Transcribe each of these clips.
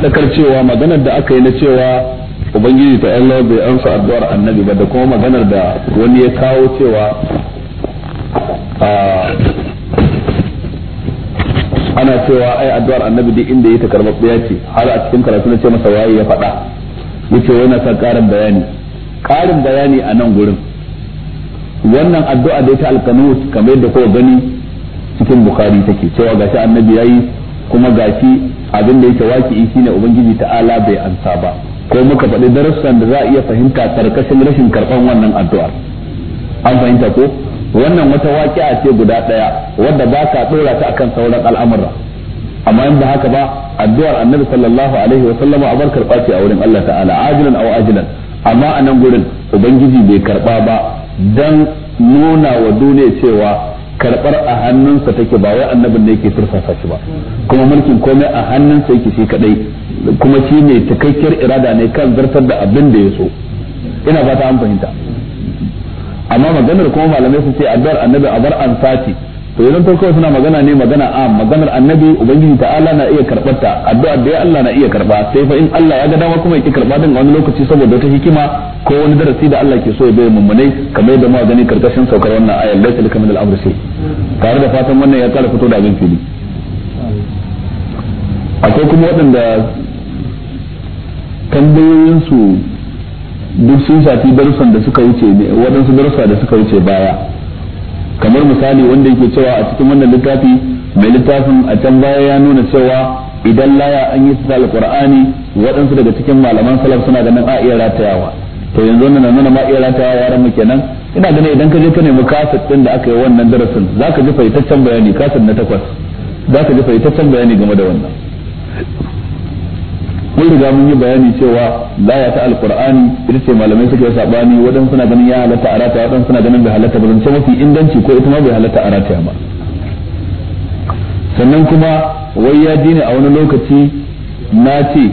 faɗakar cewa maganar da aka yi na cewa ubangiji ta Allah bai amsa addu'ar annabi ba da kuma maganar da wani ya kawo cewa ana cewa ai addu'ar annabi duk inda yake karbabbiya ce har a cikin karatu na ce masa waye ya faɗa yace wai na sa ƙarin bayani ƙarin bayani a nan gurin wannan addu'a da ta alkanut kamar yadda kowa gani cikin bukhari take cewa gashi annabi yayi kuma gashi abin da yake in shine ubangiji ta'ala bai ansa ba ko muka faɗi darussan da za a iya fahimta karkashin rashin karɓan wannan addu'ar an fahimta ko wannan wata waƙi'a ce guda ɗaya wadda ba ka ɗora ta akan sauran al'amura amma in ba haka ba addu'ar annabi sallallahu alaihi wa sallama a bar karɓa ce a wurin Allah ta'ala ajilan aw ajilan amma a nan gurin ubangiji bai karɓa ba dan nuna wa duniya cewa karbar a hannunsa take ba wai annabin ne yake tursasa shi ba kuma mulkin komai a hannunsa yake shi kadai kuma shi ne cikakkiyar irada ne kan zartar da abin da ya so ina fata an fahimta amma maganar kuma malamai su ce addu'ar annabi a bar an sati to idan suna magana ne magana a maganar annabi ubangiji ta'ala na iya karɓar ta addu'a da ya Allah na iya karba sai fa in Allah ya ga dama kuma yake karba din wani lokaci saboda wata hikima ko wani darasi da Allah ke so ya bayyana mummunai kamar yadda muka gani karkashin saukar wannan aya laysa lakum min al-amr shay tare da fatan wannan ya kara fito da abin fili akwai kuma waɗanda tambayoyinsu duk sun shafi darussan da suka wuce waɗansu darussa da suka wuce baya kamar misali wanda yake cewa a cikin wannan littafi mai littafin a can baya ya nuna cewa idan laya an yi sa alqur'ani waɗansu daga cikin malaman salaf suna ganin a iya ratayawa to yanzu nan nuna ma iya ratayawa yaran mu kenan ina ganin idan ka je ka nemi kaset din da aka yi wannan darasin zaka ji faitaccen bayani kaset na takwas zaka ji faitaccen bayani game da wannan mun riga mun yi bayani cewa laya ta alqur'ani ita ce malamai suka yi sabani wadan suna ganin ya halatta arata wadan suna ganin bai halatta ba zan ce mafi inganci ko ita ma bai halatta arata ba sannan kuma wai ya ji a wani lokaci na ce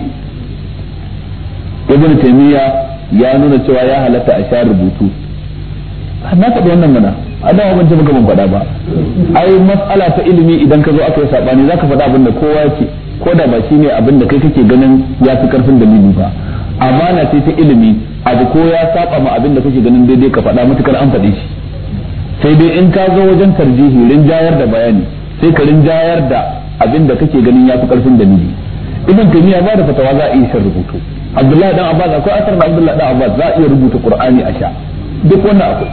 ibn taymiya ya nuna cewa ya halatta a sha rubutu na faɗi wannan mana a dawo ban taɓa ban faɗa ba ai mas'ala ta ilimi idan ka zo aka yi saɓani za ka faɗa abin da kowa ke. ko da ba shi ne abin da kai kake ganin ya fi karfin dalili ba amana ce ta ilimi abu ko ya saba ma abin da kake ganin daidai ka faɗa matukar an faɗe shi sai dai in ka zo wajen tarjihi rinjayar da bayani sai ka rinjayar da abin da kake ganin ya fi karfin dalili ibn taymiya ba da fatawa za a iya shi rubutu abdullahi dan abbas akwai asar da abdullahi dan abbas za a iya rubuta qur'ani a sha duk wannan akwai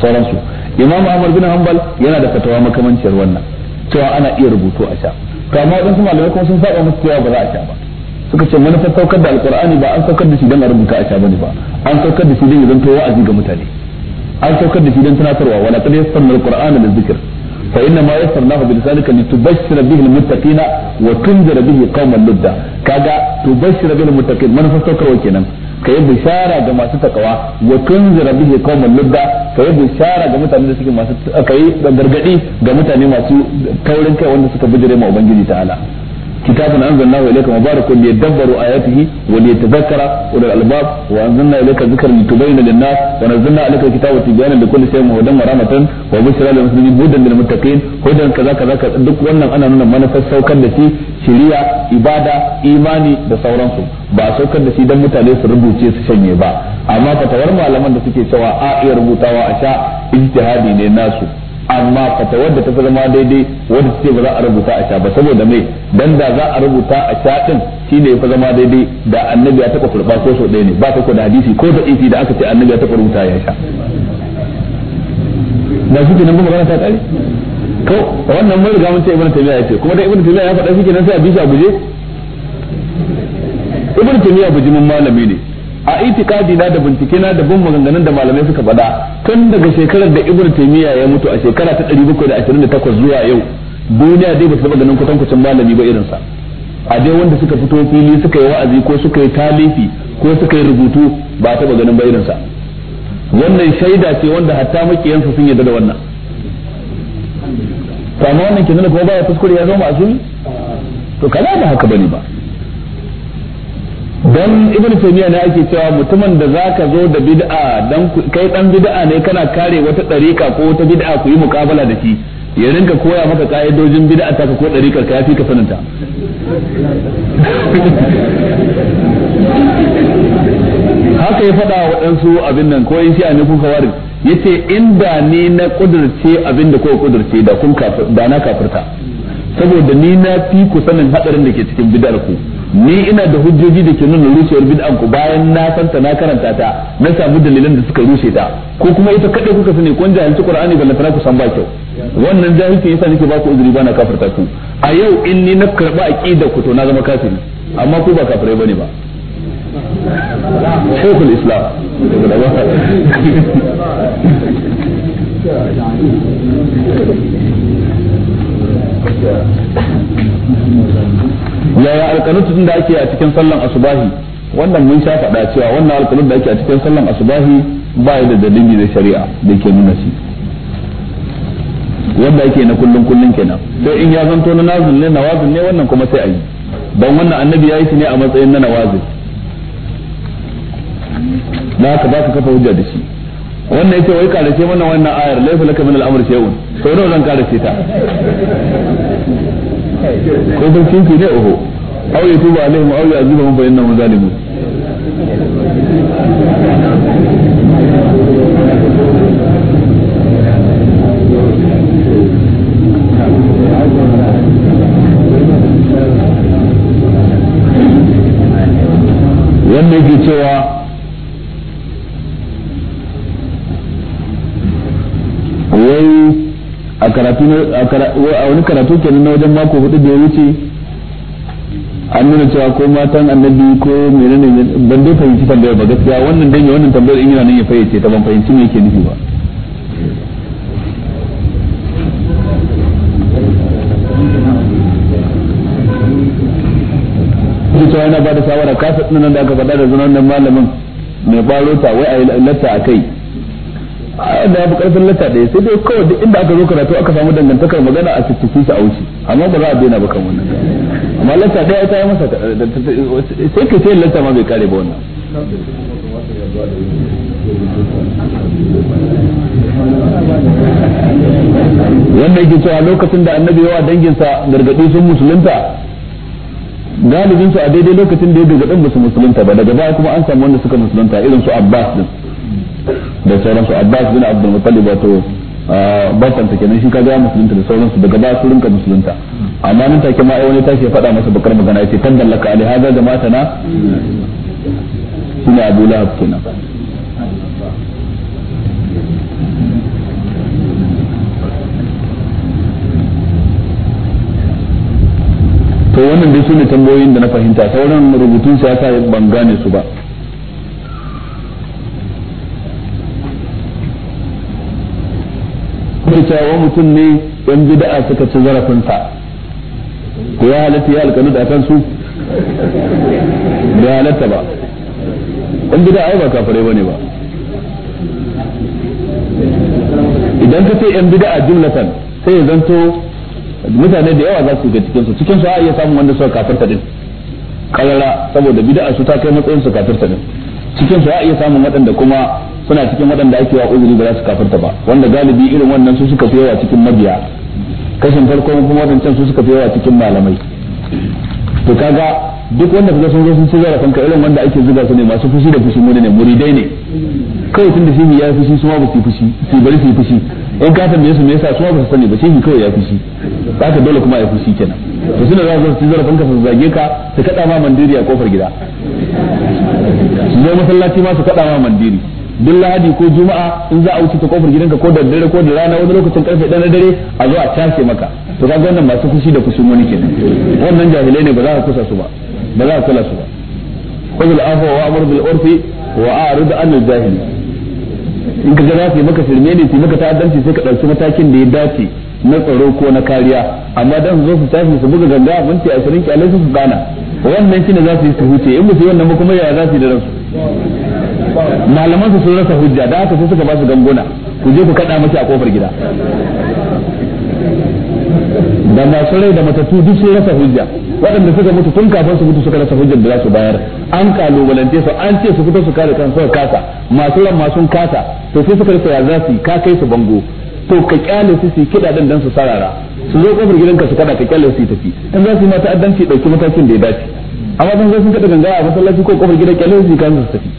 sauransu imam ahmad bin hanbal yana da fatawa makamanciyar wannan cewa ana iya rubutu a sha to amma wadansu malamai kuma sun saba musu cewa ba za a sha ba suka ce manufar saukar da alqur'ani ba an saukar da shi dan a rubuta a sha bane ba an saukar da shi dan ya ta wa'azi ga mutane an saukar da shi dan tunatarwa wala qad yassarna alqur'ana zikir fa inna ma yassarnahu bi lisanika litubashshira bihi muttaqina wa tunzira bihi qauman ludda kaga tubashshira bihi almuttaqin manufar saukarwa kenan ka yi bishara ga masu takawa wa tunzira bihi qauman ludda yi bishara ga mutane da suke masu kai gargadi ga mutane masu taurin kai wanda suka bijire ma ubangiji ta'ala kitabun anzalnahu ilayka mubarakun liyadabbaru ayatihi wa liyatadhakkara ulul albab wa anzalna ilayka dhikra litubayyana lin-nas wa nazzalna alayka kitaba tibyana likulli shay'in hudan wa rahmatan wa bushra lil muslimin hudan lil muttaqin hudan kaza kaza duk wannan ana nuna manufar saukar da shi shiriya ibada imani da sauransu ba a saukar da shi dan mutane su rubuce su shanye ba amma fatawar malaman da suke sawa a iya rubutawa a sha ijtihadi ne nasu amma fata wadda ta zama daidai wadda ce ba za a rubuta a sha ba saboda me dan da za a rubuta a sha din shine ya fa zama daidai da annabi ya taba kurba ko so ɗaya ne ba ta da hadisi ko da ifi da aka ce annabi ya taba rubuta ya sha na shi kenan ba magana ta kare ko wannan mai riga mun ce ibnu taymiya yace kuma da ibnu taymiya ya faɗa shi kenan sai a bi shi a guje ibnu taymiya bujimin malami ne a itikadi na da bincike na da bin maganganun da malamai suka faɗa tun daga shekarar da ibnu taymiya ya mutu a shekara ta 728 zuwa yau duniya dai ba su taɓa ganin kutankucin malami ba irin sa. a dai wanda suka fito fili suka yi wa'azi ko suka yi talifi ko suka yi rubutu ba a taɓa ganin ba irin sa wannan shaida ce wanda hatta makiyansa sun yarda da wannan kamar wannan kenan kuma ba ya fuskure ya zama asiri to kaza ba haka bane ba dan ibn taymiya ne ake cewa mutumin da zaka zo da bid'a dan kai dan bid'a ne kana kare wata dariƙa ko wata bid'a ku yi mukabala da shi ya rinka koya maka ka'idojin bid'a ta ko dariƙar ka yafi ka sananta haka ya faɗa wa waɗansu abin nan ko in shi ne kun kawar yace inda ni na kudurce abin da ko kudurce da kun da na kafirta saboda ni na fi ku sanin hadarin da ke cikin bid'ar ku ni ina da hujjoji da ke nuna rushewar bid'an ku bayan na santa na karanta ta na samu dalilan da suka rushe ta ko kuma ita kadai kuka sani kun jahilci qur'ani balla ku san ba kyau wannan jahilci yasa nake ba ku uzuri bana kafirta ku a yau in ni na karba aqida ku to na zama kafiri amma ku ba kafirai bane ba shaykhul islam yaya alqanut da ake a cikin sallan asubahi wannan mun sha faɗa cewa wannan alqanut da ake a cikin sallan asubahi ba ya da dalili na shari'a da ke nuna shi wanda ake na kullun kullun kenan sai in ya zanto na nazil ne nawazil ne wannan kuma sai a yi don wannan annabi ya yi shi ne a matsayin na nawazil na ka ba ka kafa hujja da shi wannan yake wai karace mana wannan ayar laifa laka min al'amr shay'un sau nawa zan karace ta ko sarkin ki ne oho aw yatubu alaihim aw fa innahum zalimun wanda yake cewa karatu a wani karatu kenan na wajen mako hudu da ya wuce an nuna cewa ko matan annabi ko ne ban dai fahimci tambayar ba gaskiya wannan dan wannan tambayar in yana nan ya fayyace ta ban fahimci me yake nufi ba cewa yana ba da shawara kasa nan da aka faɗa da zunan malamin mai baro ta wai a yi latta a kai da ya bukatar lata da sai dai kawai duk inda aka zo karatu aka samu dangantakar magana a cikin shi a wuce amma ba za a daina ba kan wannan amma lata da ta yi masa sai ka ce lata ma bai kare ba wannan wanda yake cewa lokacin da annabi yawa danginsa gargaɗi sun musulunta galibinsu a daidai lokacin da ya gargaɗin musu musulunta ba daga baya kuma an samu wanda suka musulunta irin su abbas din da sauransu Abbas bin Abdul Muttalib wato ah, ta kenan shi kaga musulunta da sauransu daga ba su rinka musulunta amma nan take ma ai wani tashi ya faɗa masa bakar magana yace kan dallaka ali hada jama'ata na suna Abu Lahab kenan to wannan dai sune tambayoyin da na fahimta sauran rubutun sa ya sa ban gane su ba cewa mutum ne yan bid'a suka ci zarafinsa ko ya halatta ya alƙalu da kansu su bai halatta ba yan bid'a ai ba kafirai bane ba idan ka ce yan bid'a jumlatan sai ya zanto mutane da yawa za su ga cikin su cikin su a iya samun wanda suka kafirta din karara saboda bid'a su ta kai matsayin su kafirta din cikin su a iya samun waɗanda kuma suna cikin waɗanda ake wa uzuri ba za su kafirta ba wanda galibi irin wannan su suka fi yawa cikin mabiya kashin farko kuma wadancan su suka fi yawa cikin malamai to kaga duk wanda ka sun zo sun ci zarafin ka irin wanda ake zuga su ne masu fushi da fushi mu ne muridai ne kawai tunda shi ya fushi su ma ba su fushi su bari su fushi in ka tambaye su me yasa su ma ba su sani ba shi kawai ya fushi Ba ka dole kuma ya fushi kenan to suna za su ci zarafin ka su zage ka su kada ma mandiri a kofar gida su zo masallaci ma su kada ma mandiri duk lahadi ko juma'a in za a wuce ta kofar gidanka ko da dare ko da rana wani lokacin karfe dan dare a zo a tashi maka to kaga wannan masu fushi da fushi wani kenan wannan jahilai ne ba za ka kusa su ba ba za ka kula su ba khudh al-afwa wa amr bil urfi wa a'rid an al-jahili in ka ga za su yi maka firme ne su maka ta'addanci sai ka ɗauki matakin da ya dace na tsaro ko na kariya amma dan zo su tashi su buga ganga minti 20 kyalai su gana wannan shine za su yi su huce in ba su yi wannan ba kuma ya za su yi da ransu malaman su sun rasa hujja da aka sai suka ba su ganguna ku je ku kada miki a kofar gida da masu rai da matattu duk sun rasa hujja waɗanda suka mutu tun kafin su mutu suka rasa hujjar da za su bayar an kalubalance su an ce su fito su kare kan suka kasa masu ran masu kasa to sai suka rasa ya su ka kai su bango to ka kyale su su kida dan dan su sarara su zo kofar gidanka su kada ka kyale su tafi dan za su yi mata addanci dauki matakin da ya dace amma dan zo sun kada gangara a masallaci ko kofar gidan kyale su kan su tafi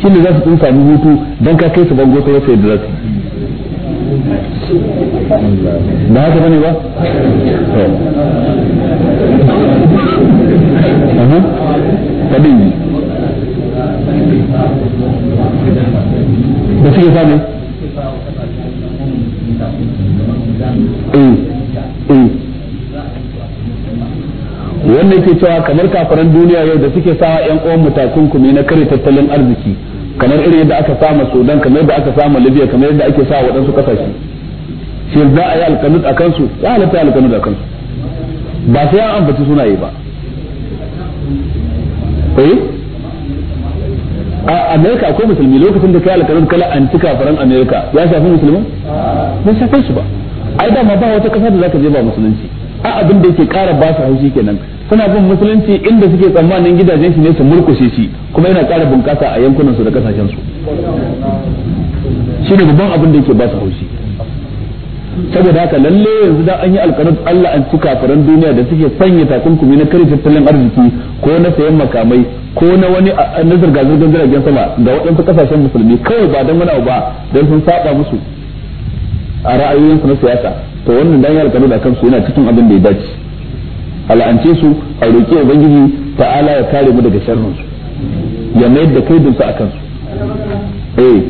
shi ne za su tun sami hutu don ka kai su bango sai wasu yadda za su ba haka bane ba faɗin yi da suke sami eh eh wannan ke cewa kamar kafaran duniya yau da suke sa yan uwan mutakun kuma na kare tattalin arziki kamar irin yadda aka sama Sudan kamar yadda aka sama Libya kamar yadda ake sa waɗansu kasashe shi za a yi alkanut a kansu ya halatta alkanut a kansu ba sai an ambaci sunaye ba eh a America akwai musulmi lokacin da kai alkanut kala an ci faran America ya shafi musulmin ba shafe su ba ai da ma ba wata ƙasa da za ka je ba musulunci a abin da yake kara ba su haushi kenan suna bin musulunci inda suke tsammanin gidajen shi ne su murkushe shi kuma yana ƙara bunƙasa a yankunan su da kasashen su shine babban abin da yake ba su haushi saboda haka lalle yanzu da an yi alƙarar Allah an cika kafaran duniya da suke sanya takunkumi na kare tattalin arziki ko na sayan makamai ko na wani na zirga zirgar jiragen sama ga waɗansu kasashen musulmi kawai ba don wani abu ba don sun saba musu a ra'ayoyinsu na siyasa to wannan dan yi alƙarar da kansu yana cikin abin da ya dace a la'ance su a roƙi ubangiji ta'ala ya kare mu daga sharrin su ya mayar da kaidin su akan su eh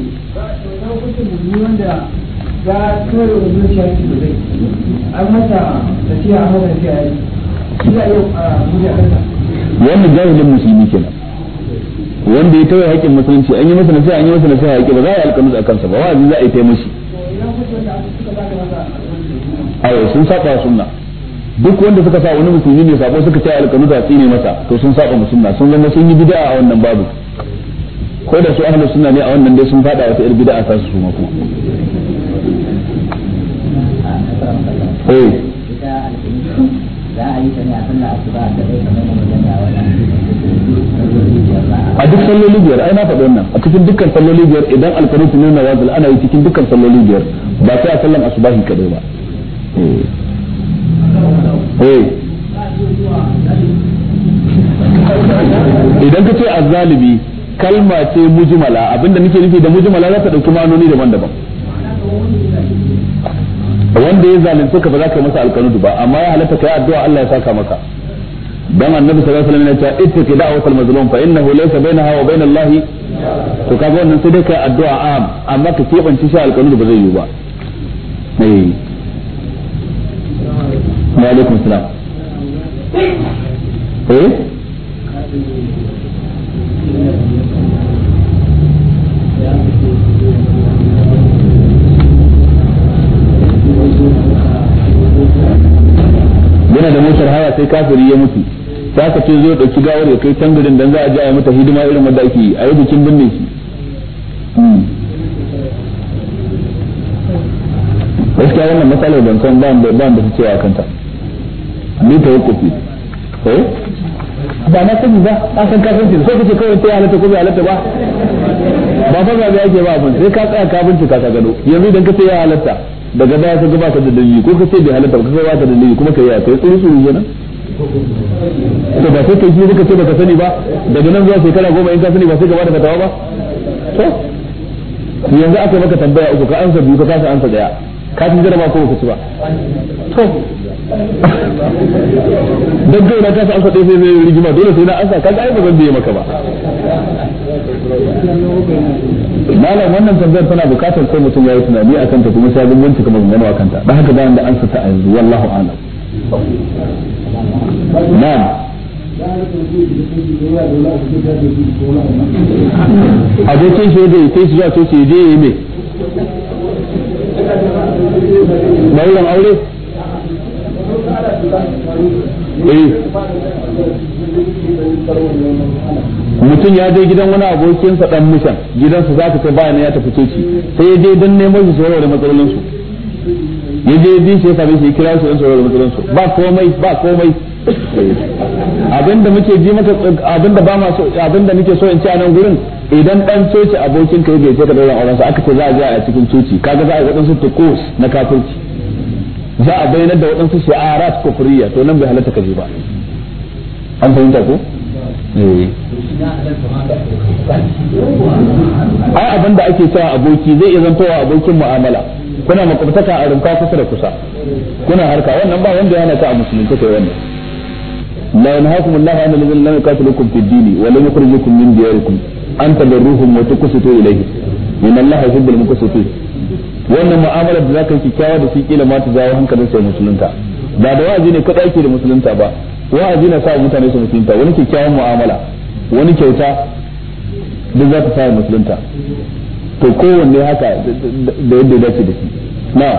wannan jahilin musulmi kenan wanda ya tawaye haƙƙin musulunci an yi masa nasiha an yi masa nasiha haƙƙi ba za a yi alƙalmus a kansa ba wa'azi za a yi taimashi. mushi a sun saba sunna duk wanda suka sa wani musulmi ne sabo suka ce alƙanu da tsine masa to sun saba musulma sun zama sun yi bid'a a wannan babu ko da su ahlus sunna ne a wannan dai sun fada wata ir bid'a ta su su mako eh a duk salloli biyar ai na faɗi wannan a cikin dukkan salloli biyar idan alƙanu ne na wazil ana yi cikin dukkan salloli biyar ba sai a sallan asubahi kadai ba eh Eh. idan ka ce zalibi kalma ce mujmala abinda nake nufi da mujmala za ta dauki manoni daban-daban wanda ya zalunce ka ba za ka yi masa alkanudu ba amma ya halatta ka yi addu'a Allah ya saka maka dan annabi sallallahu alaihi wasallam yana cewa ittaqi da'watal mazlum fa innahu laysa bainaha wa bainallahi to kaga wannan sai dai yi addu'a am amma ka kebanci shi alkanudu ba zai yi ba wa alaikum salam eh yana da motar haya sai kafiri ya mutu ta ka ce zo ɗauki gawar ya kai can garin dan za a ji a mata hidima irin wanda ake yi a yi bikin binne shi hmm. gaskiya wannan matsalar ban san ba da su cewa kanta ni tawakkufi ko eh? ba na sani ba a san kafirci ko kace kawai ta halatta ko bai halatta ba ba fa ba ya ke ba abin sai ka tsaya ka bincika ka gano yanzu idan ka ce ya halatta daga baya ka gaba ka da dalili ko ka ce bai halatta ka gaba ka da dalili kuma ka yi kai tsuru tsuru kenan to ba sai kai shi ka ce baka sani ba daga nan zuwa shekara goma in ka sani ba sai gaba da fatawa ba to yanzu aka maka tambaya uku ka ansa biyu ka kasa ansa daya ka ci jaraba ko ka ci ba to daggai na kasa ansa faɗe sai zai rigima dole sai na ansa kaga ai ba zan biye maka ba malam wannan tambayar tana bukatar sai mutum ya yi tunani a kanta kuma sai bin kuma maganganu a kanta da haka bayan da ansa ta a yanzu wallahu alam na'am ce shi dai ya kai shi zuwa coci ya dai ya yi mai ran aure Eh. mutum ya je gidan wani abokinsa dan mutan gidansa za ka ce bayan ya tafi coci sai ya je don neman su warware matsalolinsu ya je bi shi ya sami shi ya kira su don su warware matsalolinsu ba komai ba komai abinda muke ji maka abinda ba ma so abinda nake so in ci a nan gurin idan dan coci abokin ka ya je ka daura auren sa aka ce za a je a cikin coci kaga za a ga dan su tuko na kafirci za a bayyana da waɗansu shi'arat kufriya to nan bai halatta ka je ba an fahimta ko eh. ai abin da ake cewa aboki zai iya zantowa abokin mu'amala kuna makwabtaka a rumfa kusa da kusa kuna harka wannan ba wanda yana ta a musulunci kai wannan la yanhaakum Allah an alladhina lam yuqatilukum fid din wa lam yukhrijukum min diyarikum an tabarruhum wa tuqsitu ilayhim inna Allah yuhibbul muqsitin wannan mu'amalar da zaka yi kikkiawa da shi kila ma ta jawo hankalin sai musulunta ba da wa'azi ne kadai ke da musulunta ba wa'azi na sa mutane su musulunta wani kyakkyawan mu'amala wani kyauta duk za ta sa musulunta to kowanne haka da yadda ya dace da shi na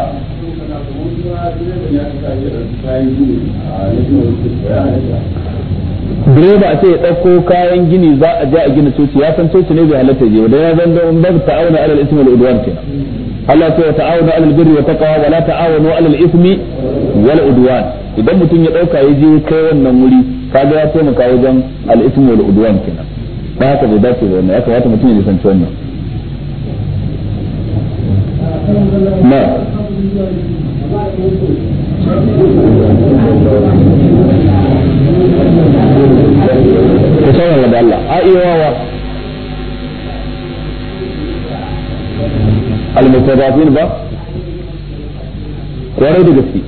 direba a ce ya ɗauko kayan gini za a je a gina coci ya san coci ne bai halatta je ba da ya zan don babu ta'auna alal ismi udwan kenan Allah ce wa ta'awunu alal birri wa taqwa wa la ta'awunu alal ismi wal udwan idan mutum ya dauka ya je kai wannan wuri kaga ya taimaka wajen al ismi wal udwan kenan ba haka bai dace da wannan ya kamata mutum ya san wannan na ba mustadafin ba kwarai da gaske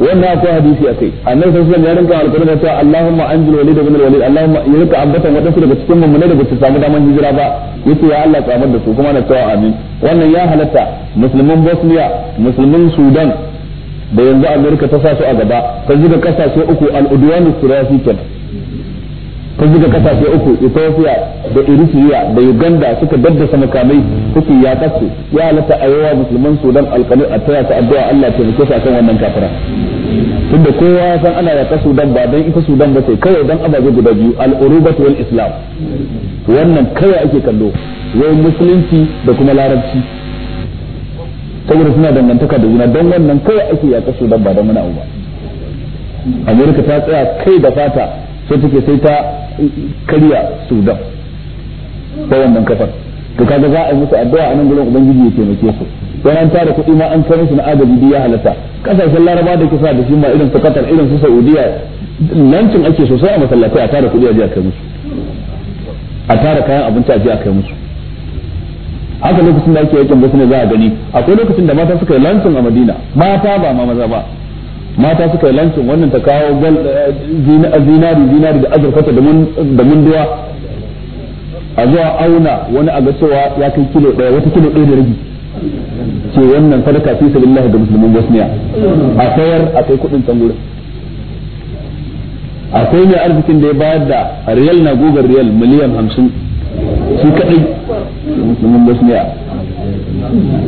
wannan akwai hadisi a kai annabi sallallahu alaihi wasallam ya rinka alƙawarin da cewa Allahumma anjil walid ibn walid Allahumma ya ambatan wadansu daga cikin mummune da ba su samu daman hijira ba yace ya Allah tsamar da su kuma na cewa amin wannan ya halatta musulmin Bosnia musulmin Sudan da yanzu Amerika ta sa su a gaba ta ga kasashe uku al-udwan sirafi sun zuga kasashe uku Ethiopia da Eritrea da Uganda suka daddasa makamai suke yakar ya halatta a yawa musulman Sudan alƙalu a taya ta addu'a Allah ta rike sa kan wannan kafira tunda kowa ya san ana yaƙa Sudan ba dan ita Sudan ba sai kawai don ababe guda biyu al-urubatu wal islam wannan kawai ake kallo wai musulunci da kuma larabci saboda suna dangantaka da juna don wannan kawai ake yaƙa Sudan ba dan wani abu ba ta tsaya kai da fata sai take sai ta karya sudan ta wannan kafar to kaga za a yi musu addu'a a nan gurin ubangiji ya taimake su dan an tara kuɗi ma an kai su na agaji ya halatta kasashen laraba da kisa da shi ma irin su qatar irin su saudiya lancin ake sosai a masallatai a tara kuɗi a je a kai musu a tara kayan abinci a je a kai musu haka lokacin da ake yakin ba ne za a gani akwai lokacin da mata suka yi lancin a madina mata ba ma maza ba mata suka yi lancin wannan ta kawo zinari zinari da azurfata da munduwa a zuwa auna wani a ga cewa ya kai kilo ɗaya wata kilo ɗaya da rabi ce wannan sadaka fi sabilillah ga musulmin bosniya a sayar a kai kuɗin can gurin akwai mai arzikin da ya bayar da riyal na gugar riyal miliyan hamsin shi kaɗai musulmin bosniya inda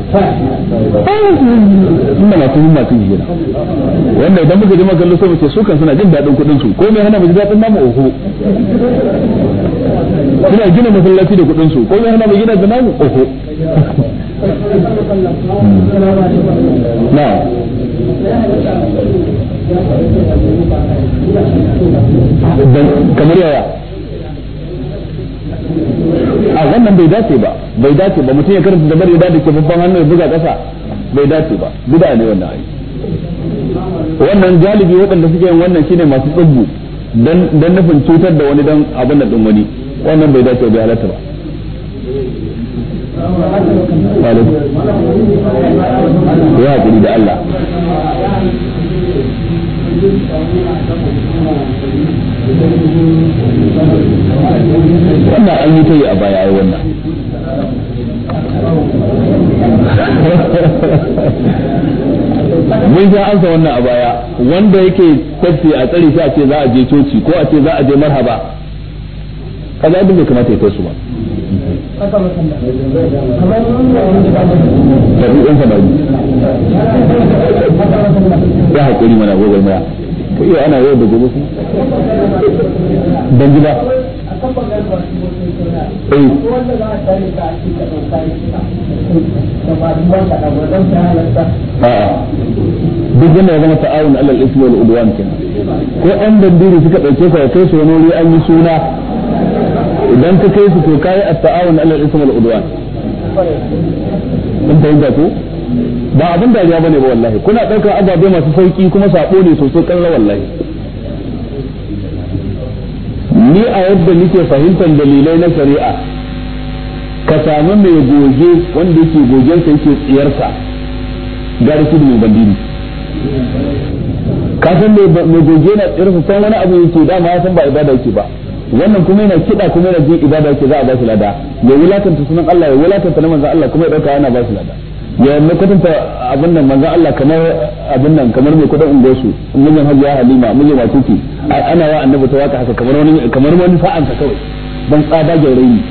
masu yi wanda idan muka ji makallo sai muke su kan suna jin daɗin kuɗin su hana daɗin namu suna gina masallaci da kuɗin su hana gina da namu hmm. na kamar yaya a wannan bai dace ba bai dace ba mutum ya karanta da bari da ke babban hannu ya buga kasa bai dace ba bid'a ne wannan ayi wannan galibi waɗanda suke yin wannan shine masu tsubbu dan dan nufin cutar da wani dan abin da din wani wannan bai dace bai halatta ba ya hakuri da Allah wannan an yi ta yi a baya ai wannan mun sha ansa wannan a baya wanda yake tafi a tsari sai a ce za a je coci ko a ce za a je marhaba kaza abin da kamata ya kai su ba tabi'in samari haƙuri mana gogon maya Ku iya ana yau da gobe su ban gida eh. duk yana ya zama ta'awun alal ismi wal udwan kenan ko an bandiri suka dauke ka kai su wani wuri an yi suna idan ka kai su to kai at ta'awun alal ismi wal udwan kun fahimta ko ba abin dariya bane ba wallahi kuna ɗaukar ababe masu sauki kuma sako ne sosai kalla wallahi ni a yadda nike fahimtar dalilai na shari'a ka sami mai goge wanda yake gogensa yake tsiyarsa gari shi mai bandini ka san mai goge na tsiyarsa san wani abu yake dama ya san ba ibada yake ba wannan kuma yana kiɗa kuma yana jin ibada yake za a ba shi lada ya wulakanta sunan Allah ya wulakanta na manzon Allah kuma ya ɗauka yana ba shi lada ya mai kwatanta abin nan manzan Allah kamar abin nan kamar mai kudin ungosu mijin hajiya halima mijin wasuki ana wa annabi ta waka haka kamar wani kamar wani fa'anta kawai ban tsada gaurayi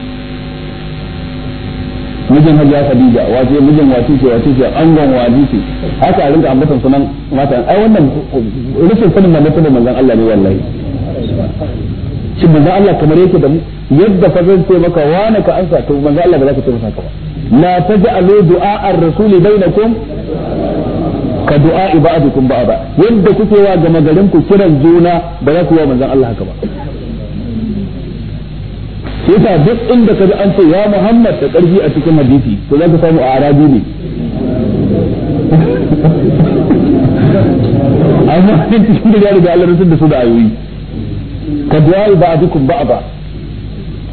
mijin hajiya khadija wace mijin wasuki wasuki angon wasuki haka a rinka ambatan sunan mata ai wannan rufin sanin manzan sunan manzan Allah ne wallahi shin manzan Allah kamar yake da yadda fa zan ce maka wani ka ansa to manzan Allah ba za ka ce masa ka ba la taj'alu du'a ar-rasul bainakum ka du'a ba'dukum ba'da yadda kuke wa gama garin ku kiran juna ba za ku wa manzon Allah haka ba yasa duk inda kaji an ce ya Muhammad da karfi a cikin hadisi to za ka samu a arabi ne amma cikin da ya riga Allah rasul da su da ayoyi ka du'a ba'dukum ba'da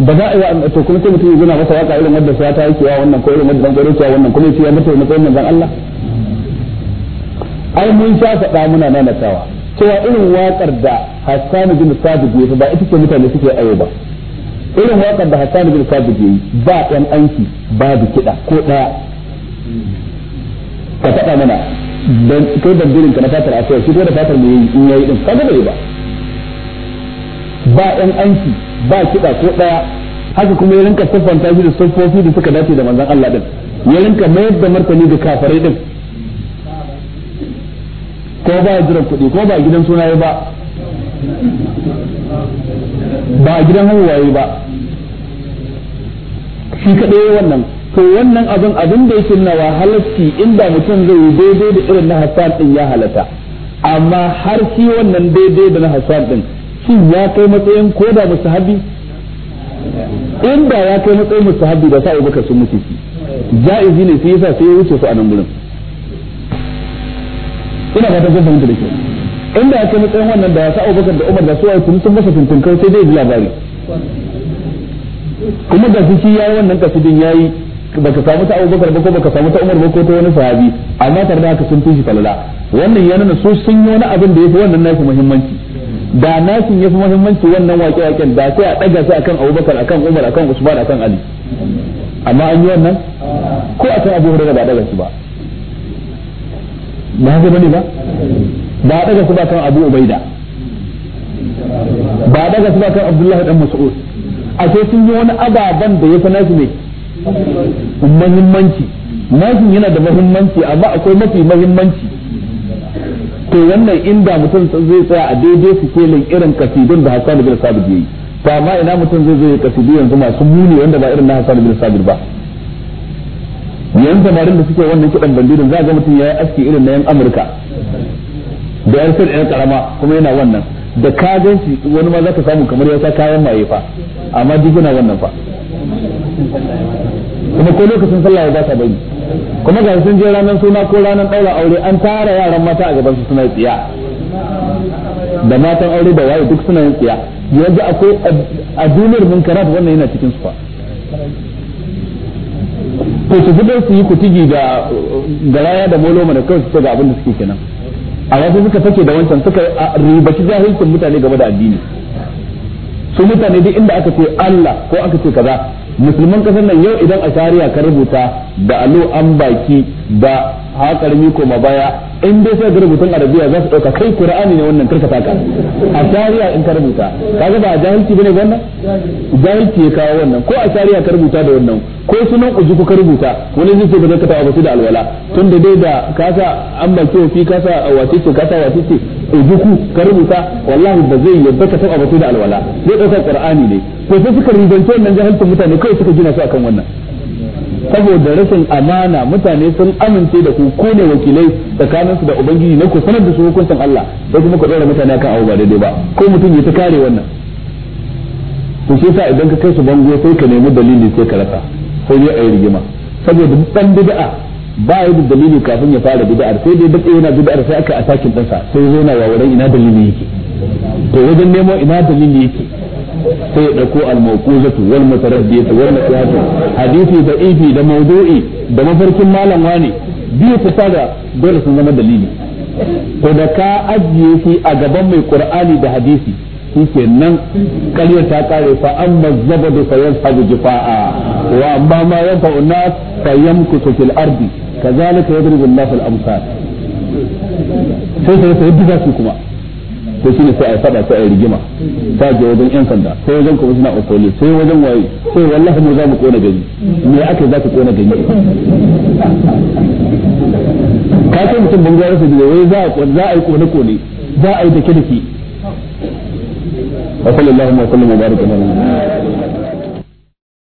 ba za a yi to kuma sai mutum ya gina masa waka irin wadda ta yake wa wannan ko irin wadda dan gwaro ta wannan kuma ya mata matsayin manzon Allah ai mun sha faɗa muna nanatawa cewa irin wakar da Hassan bin Sabit ya ba ita ce mutane suke ayo ba irin wakar da Hassan bin Sabit ya ba ɗan aiki ba da kiɗa ko ɗaya ka faɗa mana dan kai birin ka na fatar asiya shi ko da fatar mai in yayi din kaga bai ba ba ɗan aiki. ba kiɗa ko ɗaya haka kuma ya rinka siffanta shi da siffofi da suka dace da manzon Allah din ya rinka mayar da martani ga kafirai din ko ba ya jiran kuɗi ko ba gidan suna ba ba gidan haihuwaye ba shi kaɗai wannan to wannan abin abin da yake nawa halatti inda mutum zai yi daidai da irin na Hassan din ya halata amma har shi wannan daidai da na Hassan din shin ya kai matsayin ko da musahabi in ba ya kai matsayin musahabi da sa abubakar sun mutu shi ja'izi ne sai yasa sai ya wuce su a nan gurin ina fatan kun mutu da kyau in da ya kai matsayin wannan da ya sa abubakar da umar da su aiki sun masa tuntunkar sai dai labari kuma ga shi ya yi wannan kasidin ya yi baka samu ta abubakar ba ko baka samu ta umar ba ko ta wani sahabi amma tare da haka sun tushe talala wannan ya nuna su sun yi wani abin da ya fi wannan nafi muhimmanci da nashin yafi muhimmanci wannan wake waken da sai a daga sai akan Abubakar akan Umar akan Usman akan Ali amma an yi wannan ko akan Abu Hurairah ba daga shi ba ba haka bane ba ba daga shi ba kan Abu Ubaida ba daga shi ba kan Abdullah dan Mas'ud a sai sun yi wani ababan da yafi nashi ne muhimmanci nashin yana da muhimmanci amma akwai mafi muhimmanci to wannan inda mutum zai tsaya a daidai su kelin irin kasidun da da bin sabir yayi to ma ina mutum zai zo ya kasidu yanzu masu muni wanda ba irin na da bin sabir ba yan samarin da suke wannan kidan bandirin za ga mutum yayi aski irin na yan Amurka da yan sir yan karama kuma yana wannan da ka wani ma za ka samu kamar yasa kayan maye fa amma duk yana wannan fa kuma ko lokacin sallah ya ba ta bai kuma ga sun je ranar suna ko ranar ɗaura aure an tara yaran mata a gaban su suna tsiya da matan aure da waye duk suna yin tsiya yanzu akwai a duniyar munkarat wannan yana cikin su fa to su fito su yi kutigi da garaya da molo mana kawai su ga abin da suke kenan a wasu suka fake da wancan suka ribaci jahilcin mutane game da addini su mutane duk inda aka ce Allah ko aka ce kaza musulman kasar nan yau idan a shari'a ka rubuta da alo an baki da hakarmi koma baya in dai sai da rubutun arabiya za su ɗauka kai qur'ani ne wannan karka taka a shari'a in ka rubuta kaga ba jahilci bane wannan jahilci ya kawo wannan ko a shari'a ka rubuta da wannan ko sunan ku ka rubuta wani zai ce ba zai ka su da alwala tun da dai da kasa an baki wa fi kasa wace ce kasa wace ce ujuku ka rubuta wallahi ba zai yadda ka taba batu da alwala zai dauka qur'ani ne ko sai suka rubance wannan jahilcin mutane kai suka gina su akan wannan saboda rashin amana mutane sun amince da ku ko ne wakilai tsakanin su da ubangiji na ku sanar da su hukuncin Allah sai kuma ku dora mutane akan abu ba daidai ba ko mutum ya ta kare wannan to sai idan ka kai su bango sai ka nemi dalili sai ka rasa sai ne ayi rigima saboda dan bid'a ba ya da dalili kafin ya fara bid'ar sai dai dake yana bid'ar sai aka atakin ɗansa sai zo na wawaran ina dalili yake to wajen nemo ina dalili yake sai ya al-mawquzatu wal mutaraddiyatu wal nasihatu hadisi da da mawdu'i da mafarkin malam wani biyu ta sada dole sun zama dalili to da ka ajiye shi a gaban mai qur'ani da hadisi shi nan karyar ta kare fa amma zabadu fa yazhabu jifa'a wa amma ma yanfa'u nas fa yamkutu fil ardi kazalika yadribu Allahu al sai sai sai su kuma to shine sai ai fada sai ai rigima sai ga wajen yan sanda sai wajen kuma suna okoli sai wajen waye sai wallahi mu za mu kona gari me za kona gari ka ce mutum ban da wai za a za a yi kone za a yi dake dake wa sallallahu alaihi wa sallam wa baraka